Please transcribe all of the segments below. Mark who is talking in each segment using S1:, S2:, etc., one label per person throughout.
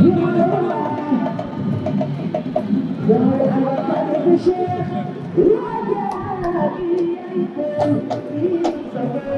S1: Thank you.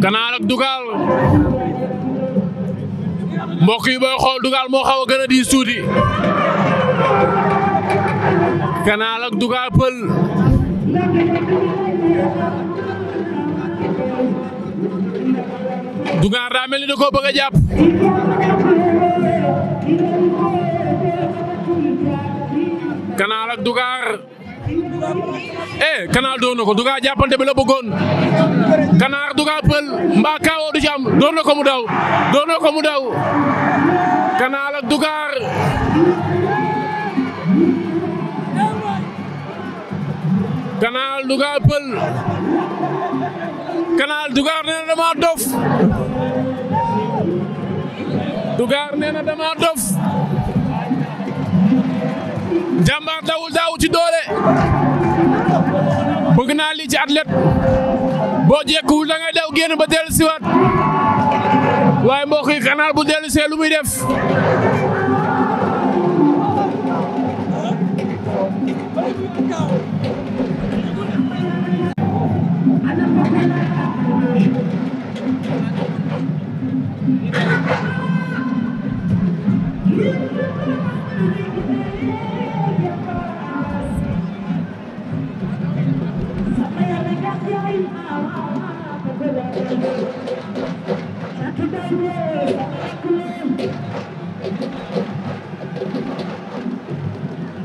S1: Kanaar ak Dugal mbokk yi booy xool Dugal moo xaw a a diis tuuti Kanaar ak pël Dugal daa mel ni da koo jàpp Kanaar ak eh Kanaar door na ko Duga jàppante bi la bëggoon Kanaar Duga pël mbaa kaawoo du ci mu daw door na ko mu daw Kanaar ak Dugaar Kanaar Duga pël Kanaar Dugaar nee na dof Dugaar nee na ci doole bëgg naa lii ci athlète boo jékkuwul da ngay daw génn ba dellu siwaat waaye mbokk yi canal bu dellu see lu muy def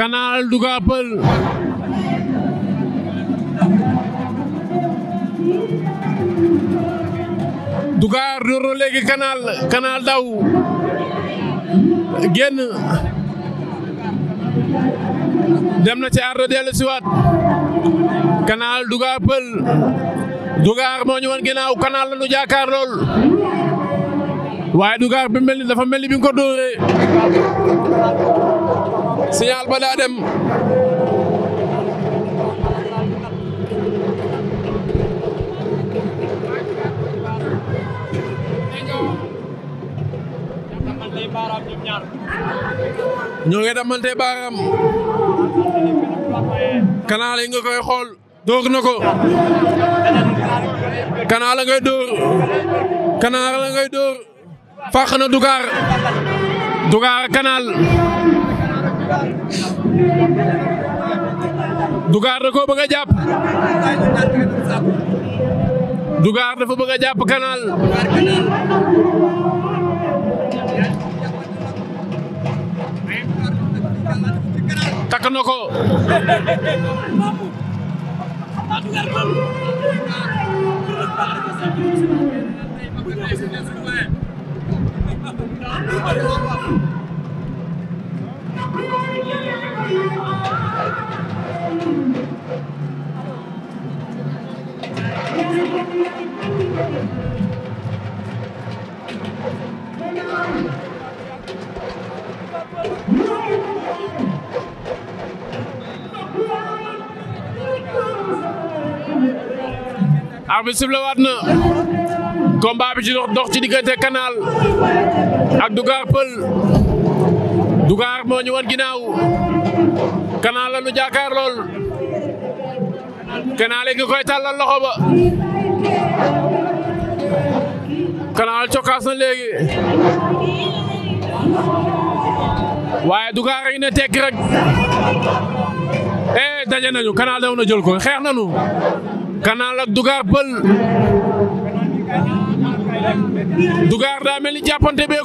S1: Canal Douga Peulh Douga door na léegi daw génn dem na ci ardo dellu siwaat Canal Douga Peulh Dougar moo ñu woon ginnaaw Canal la nu jaakaar lool waaye Dougar bi mel ni dafa mel ni bi ko dóoree signal ba daa dem ñoo ngi damante kanaal yi nga koy xool dóor na ko kanaal la ngay dóor kanaal la ngay dóor fàq na dugaar dugaar kanaal Dugaar da koo bëgg a jàpp. Dugaar dafa bëgg a jàpp Canal. takk na ko. arbitre sifflé waat na combat bi ci dox dox ci diggante Canal ak Dougar Peul Dougar moo ñu wan ginnaaw Canal la nu jàkkaar lool Canal ngi koy tàllal loxo ba Canal cokkaas na léegi waaye Dougar a tekki rek eh daje nañu Canal daw na jël ko xeex nañu Canal ak Pël Dougar daa mel ni jàppante bee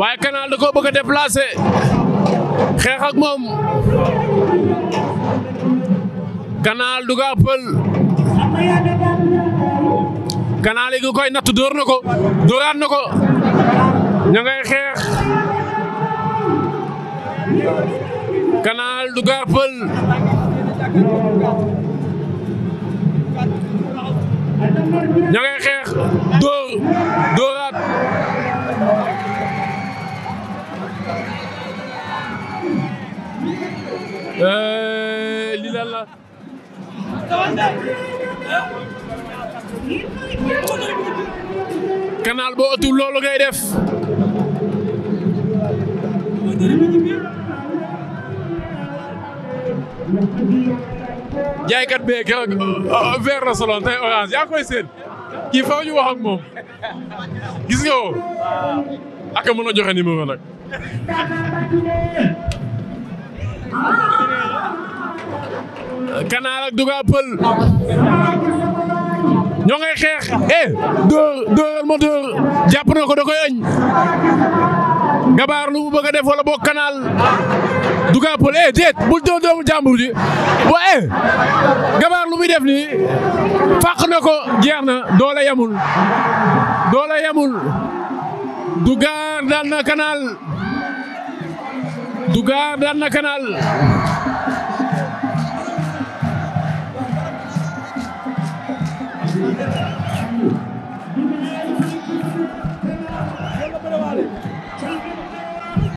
S1: waaye kanaal du ko bëgg a déplacé xeex ak moom Canal du ko ëppal Canal yi koy natt dóor na ko dóoraat na ko ña ngay xeex Canal du ko ëppal ña ngay xeex dóor dóor Canal boo loolu ngay def. jaaykat bee keroog vert la soloon tey orange yaa koy seen kii faw ñu wax moom gis nga woo. ak a mën a nag. Ganaar ak Douga ñoo ngay xeex eh dóor dóoral ma dóor jàpp na ko da koy añ Gabar lu mu def wala boog Kanaal Douga Peul eh déet bul dóor doomu jàmbur ji wa eh Gabar lu muy def nii fàq na ko jeex na doole yamul doole yamul Douga daan Kanaal Dougar daan na Canal